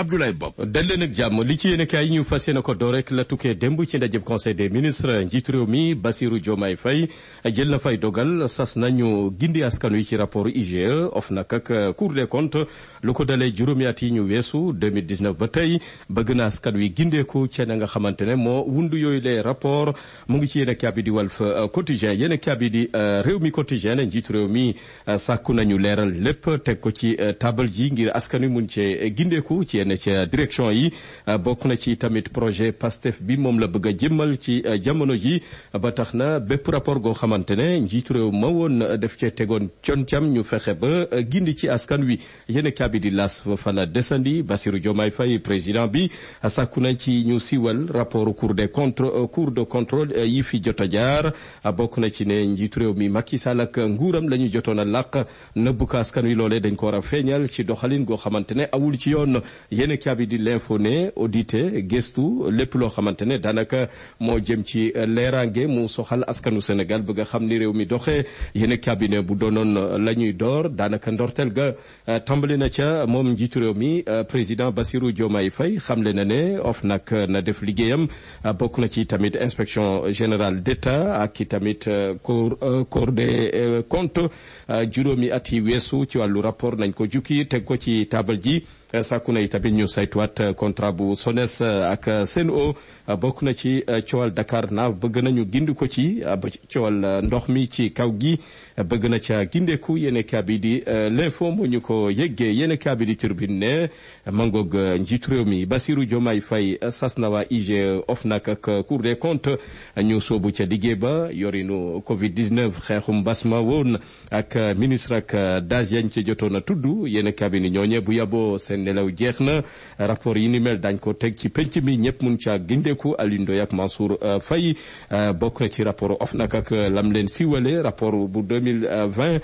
Abdoulaye Bob dal leen ak jàmm li ci yéen kaay yi ñu fas yéene ko doo rek la tukkee démb ci ndajeb conseil des ministres njiitu réew mi Bassirou Diomaye fay jël na fay dogal sas nañu gindi askan wi ci rapport IGE of nag ak euh, Cour des comptes lu ko dalee juróomi at yi ñu weesu 2019 ba tey bëgg na askan yi gindeeku ca na nga xamante ne moo wundu yooyu les rapport mu ngi ci yéen kaay bi di Walf euh, Quotidien yéen kaay bi di euh, réew mi Quotidien ne njiitu réew mi sàkku nañu leeral lépp teg ko ci table ji ngir askan wi mun cee gindeeku ci ne ca direction yi euh, bokk na ci tamit projet PASTEF bi moom la bëgg a jëmmal ci euh, jamono ji ba tax na bépp rapport goo xamante ne njiitu réew ma euh, def cee tegoon con cam ñu fexe ba gindi ci askan wi yéen kaabi di las fa la desandi Bassirou Diomaye Faye bi sàkku nañ ci ñu siwal rapport cour des comptes cour de contrôle yi fi jot a bokk na ci ne njiitu réew mi Macky Sall ak nguuram lañu ñu jotoon a làq nëbb ko askan wi loolee dañ ko war feeñal ci doxalin goo xamante awul ci yoon yéen a kaabi di l'info ne audité gëstu lépp loo xamante ne daanaka moo jëm ci leeraange mu soxal askanu Sénégal bëgg a xam ni réew mi doxee yéen a ne bu doonoon la ñuy door daanaka ndortel ga euh, tàmbali na ca moom njiitu réew mi euh, président Bassirou Diomaye Faye xamle na ne OFNAC euh, na def liggéeyam bokk na ci tamit inspection général d'État ak ki tamit cour cour des comptes juróomi at yi weesu ci wàllu rapport nañ ko jukki teg ko ci taabal ji sàkku na tamit ñu saytuwaat euh, contrat bu SONES euh, ak euh, seen o bokk na ci coowal Dakar na bëgg nañu gind ko ci cowal ndox mi ci kaw gi bëgg na ca gindeeku yéen kaabi di l'info moo ñu ko yëggee yéen kaabi di turbine ne mangoog njiitu réew mi Bassirou Diomaye Faye sas na waa IGE OFNAC ak Cour des comptes ñu soobu ca liggéey ba yorinu Covid 19 xeexum mbas ma woon ak ministre ak daje yañ ca jotoon a tudd yéen kaabi bu yaboo seen nelaw jeex na rapport yi ni mel dañ ko teg ci penc mi ñëpp mun caa gindeeku Alioune Ndoye ak Mansour euh, fay euh, bokk na ci rapport OFNAC ak euh, lam leen siiwale rapport bu 2020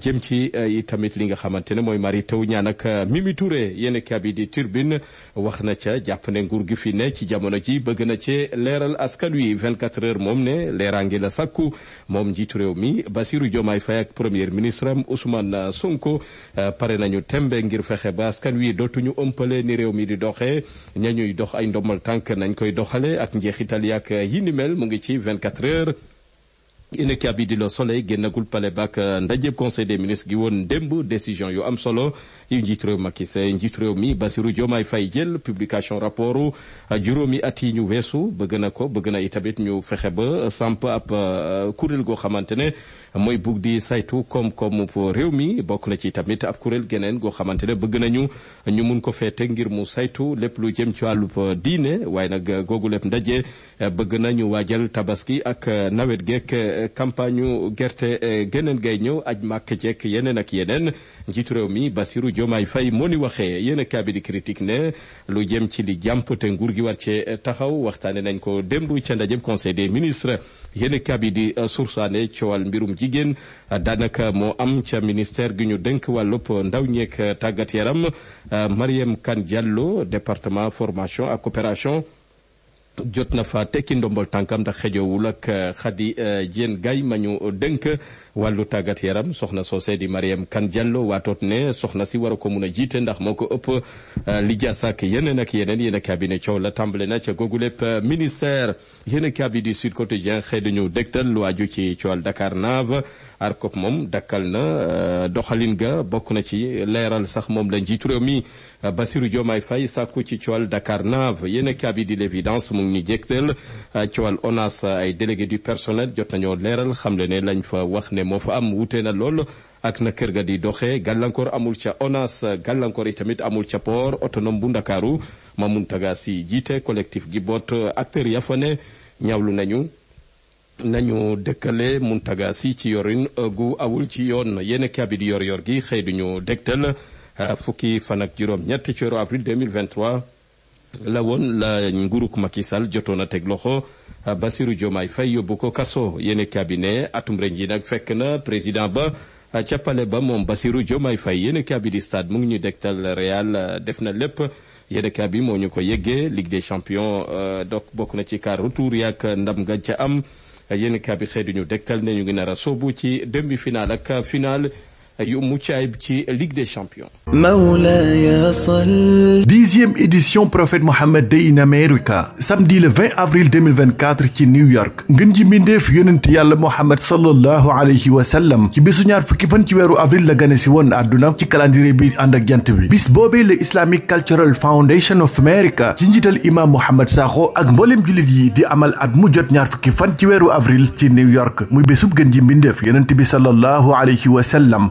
jëm ci tamit li nga xamante ne mooy mari tew Niane ak Mimi Touré yéen kabi di turbine wax na ca jàpp nguur gi fi ne ci jamono ji bëgg na cee leeral askan wi 24 heures moom ne leeraangi la sàkku moom njiitu réew mi Bassirou Diomaye fay ak premier ministre am Ousmane Sonko pare nañu tembe ngir fexe ba askan wi dootuñu ëmpale ni réew mi di doxee ña ñuy dox ay ndombal tànk nañ koy doxale ak njeexital yàq yi ni mel mu ngi ci vingt 24 heures yéen bi di Le Soleil génnagul pale bak euh, ndajeb conseil de ministre gi woon démb décision yu am solo yu njiit réew Macky se njiit réew mi Bassirou Diomaye Faye jël publication rapportu euh, juróomi at yi ñu weesu bëgg na ko bëgg na itamit ñu fexe ba samp ab euh, kuréel goo xamante ne mooy bug di saytu koom-koomu réew mi bokk na ci tamit ab kuréel geneen goo xamante ne bëgg nañu ñu mun ko feete ngir mu saytu lépp lu jëm ci wàllub diine waaye nag googu lépp ndaje bëgg campagne ñu gerte e, geneen gay ñëw aj màkk jekk yeneen ak yeneen njiitu réew mi Bassirou Diomaye Faye moo ni waxee yéen a kaabi ne lu jëm ci li jàmp te nguur gi war cee e, taxaw waxtaane nañ ko démb ca ndajem conseil des ministre yéen a kaabi di e, sursaane coowal mbirum jigéen daanaka moo am ca ministère gi ñu dënk wàllub ndaw ñeek tàggat yaram Mariam kan Diallo département formation ak coopération jot na fa tekki ndombol tànkam ndax xejoowul ak xadi eh, eh, Diène Gaye ma ñu dënk wàllu tàggat yaram soxna soosee di Mariam Kan jallo waatoot ne soxna si war a ko mun a jiite ndax moo ko ëpp eh, li jaasaak yeneen ak yeneen yéen a ne coow la tàmbale na ca googu lépp ministère yéen a di du Sud Quotidien xëy dañu dégtal lu aju ci coowal Dakar Nav ARCOP moom dakkal na doxalin ga bokk na ci leeral sax moom la njiitu mi Euh, Bassirou Diomaye Faye sàkku ci coowal Dakarnave yéenekaay bi di l'évidence mu ngi ni jégteel coowal euh, ONAS euh, ay délégué du personnel jot nañoo leeral xamle ne lañ fa wax ne moo fa am wute na lool ak na kër ga di doxee gàllankoor amul ca ONAS gàllankoor yi tamit amul ca port autonome bu Ndakaaru Mamountaga Sy jiite collectif gi boot acteur ya fa ne ñaawlu nañu nañu dëkkale Mountaga Sy ci yorin gu awul ci yoon yéenekaay bi yor yor gi xëy duñu dégtal Euh, fukki fan ak juróom ñetti ci weeru avril 2023 la woon la nguuruk Macky Sall jotoon a teg loxo euh, Bassirou Diomaye fay yóbbu ko kaso yéene cabinet atum ren ji nag fekk na président ba euh, pale ba moom Bassirou Diomaye Faye yéene cabinet di stade mu ngi ñu degtal Real def na lépp yéene cabinet moo ñu ko yëggee Ligue des champions donc bokk na ci quart retour yaak ndam nga ca am yéene cabinet xëy ñu dektal ne ñu ngi nar a soobu ci demi-finale ak finale yu mucc ayib ci Ligue des champions. Mawlaaya sall. dixième édition Prophet Muhammad Day in America samedi le 20 avril 2024 ci New York ngën ji mbindeef yonent yàlla Muhammad sallallahu alayhi wa sallam ci bisu ñaar fukki fan ci weeru avril la gane si woon àdduna ci calendrier bi ànd ak jant bi bis boobee le Islamic Cultural Foundation of America ci njiital imam Mouhamed Sakho ak mbooleem jullit yi di amal at mu jot ñaar fukki fan ci weeru avril ci New York muy bésub gën ji mbindeef yonent bi sallallahu alayhi wa sallam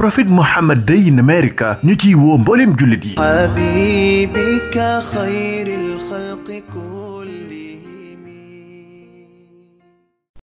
Prophet Muhammad Day in America ñu ciy woo mbooleem jullit yi